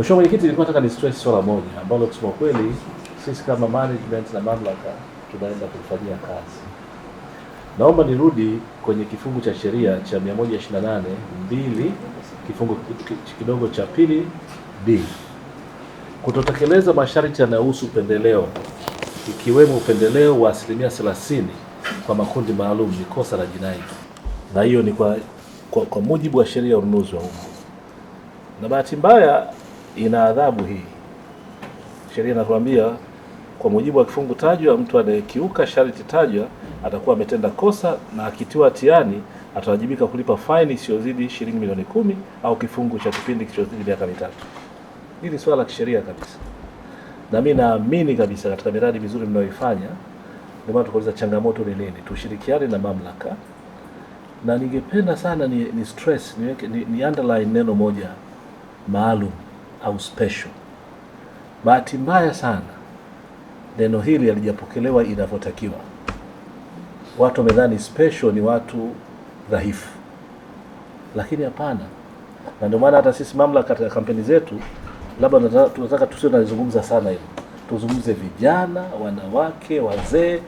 Mheshimiwa Mwenyekiti, nilikuwa nataka stress swala moja ambalo kusema kweli sisi kama management na mamlaka tunaenda kufanyia kazi. Naomba nirudi kwenye kifungu cha sheria cha 128 mbili kifungu kidogo cha pili b kutotekeleza masharti yanayohusu upendeleo ikiwemo upendeleo wa asilimia 30 kwa makundi maalum ni kosa la jinai, na hiyo ni kwa, kwa, kwa mujibu wa sheria ya ununuzi wa umma, na bahati mbaya ina adhabu hii. Sheria inatuambia kwa mujibu wa kifungu tajwa, mtu anayekiuka sharti tajwa atakuwa ametenda kosa na akitiwa hatiani atawajibika kulipa faini isiyozidi shilingi milioni kumi au kifungu cha kipindi kisichozidi miaka mitatu. Hili swala la kisheria kabisa, na mimi naamini kabisa katika miradi mizuri mnayoifanya. Ndio maana tukauliza changamoto ni nini, tushirikiane na mamlaka, na ningependa sana ni, ni stress niweke ni, ni underline neno moja maalum au special. Bahati mbaya sana neno hili halijapokelewa inavyotakiwa. Watu wamedhani special ni watu dhaifu, lakini hapana. Na ndio maana hata sisi mamlaka katika kampeni zetu, labda tunataka tusio tunazungumza sana hilo, tuzungumze vijana, wanawake, wazee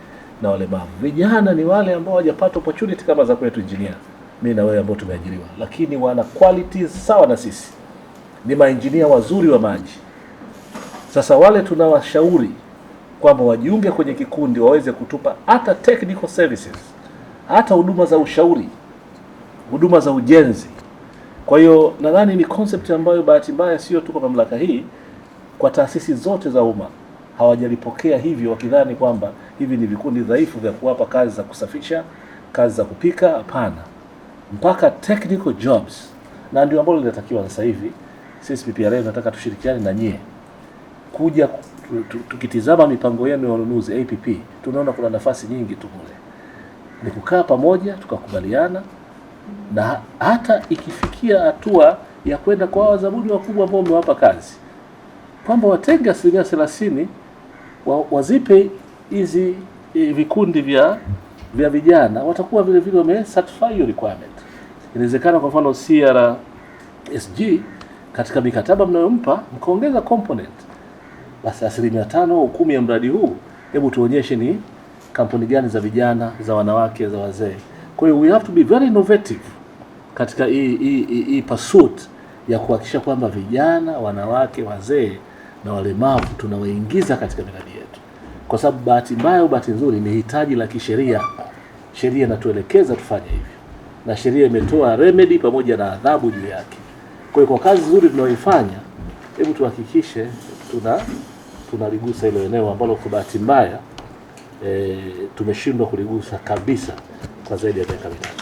na walemavu. Vijana ni wale ambao hawajapata opportunity kama za kwetu engineer, mimi na wewe ambao tumeajiriwa, lakini wana qualities sawa na sisi ni mainjinia wazuri wa maji. Sasa wale tunawashauri kwamba wajiunge kwenye kikundi waweze kutupa hata technical services, hata huduma za ushauri, huduma za ujenzi. Kwa hiyo nadhani ni concept ambayo bahati mbaya sio tu kwa mamlaka hii, kwa taasisi zote za umma hawajalipokea hivyo, wakidhani kwamba hivi ni vikundi dhaifu vya kuwapa kazi za kusafisha, kazi za kupika. Hapana, mpaka technical jobs, na ndio ambalo linatakiwa sasa hivi sisi PPRA tunataka tushirikiane na nyie kuja tukitizama mipango yenu ya ununuzi APP, tunaona kuna nafasi nyingi tu kule, ni kukaa pamoja tukakubaliana, na hata ikifikia hatua ya kwenda kwa wazabuni wakubwa ambao umewapa kazi kwamba watenge asilimia thelathini wa, wazipe hizi e, vikundi vya vya vijana, watakuwa vile vile wame satisfy requirement. Inawezekana kwa mfano CRSG katika mikataba mnayompa mkaongeza component, basi asilimia tano au kumi ya mradi huu, hebu tuonyeshe ni kampuni gani za vijana, za wanawake, za wazee. Kwa hiyo we have to be very innovative katika hii hii hii pursuit ya kuhakikisha kwamba vijana, wanawake, wazee na walemavu tunawaingiza katika miradi yetu, kwa sababu bahati mbaya au bahati nzuri ni hitaji la kisheria. Sheria inatuelekeza tufanye hivyo, na sheria imetoa remedy pamoja na adhabu juu yake. Kwa hiyo kwa kazi nzuri tunayoifanya, hebu tuhakikishe tuna tunaligusa hilo eneo ambalo kwa bahati mbaya e, tumeshindwa kuligusa kabisa kwa zaidi ya miaka mitatu.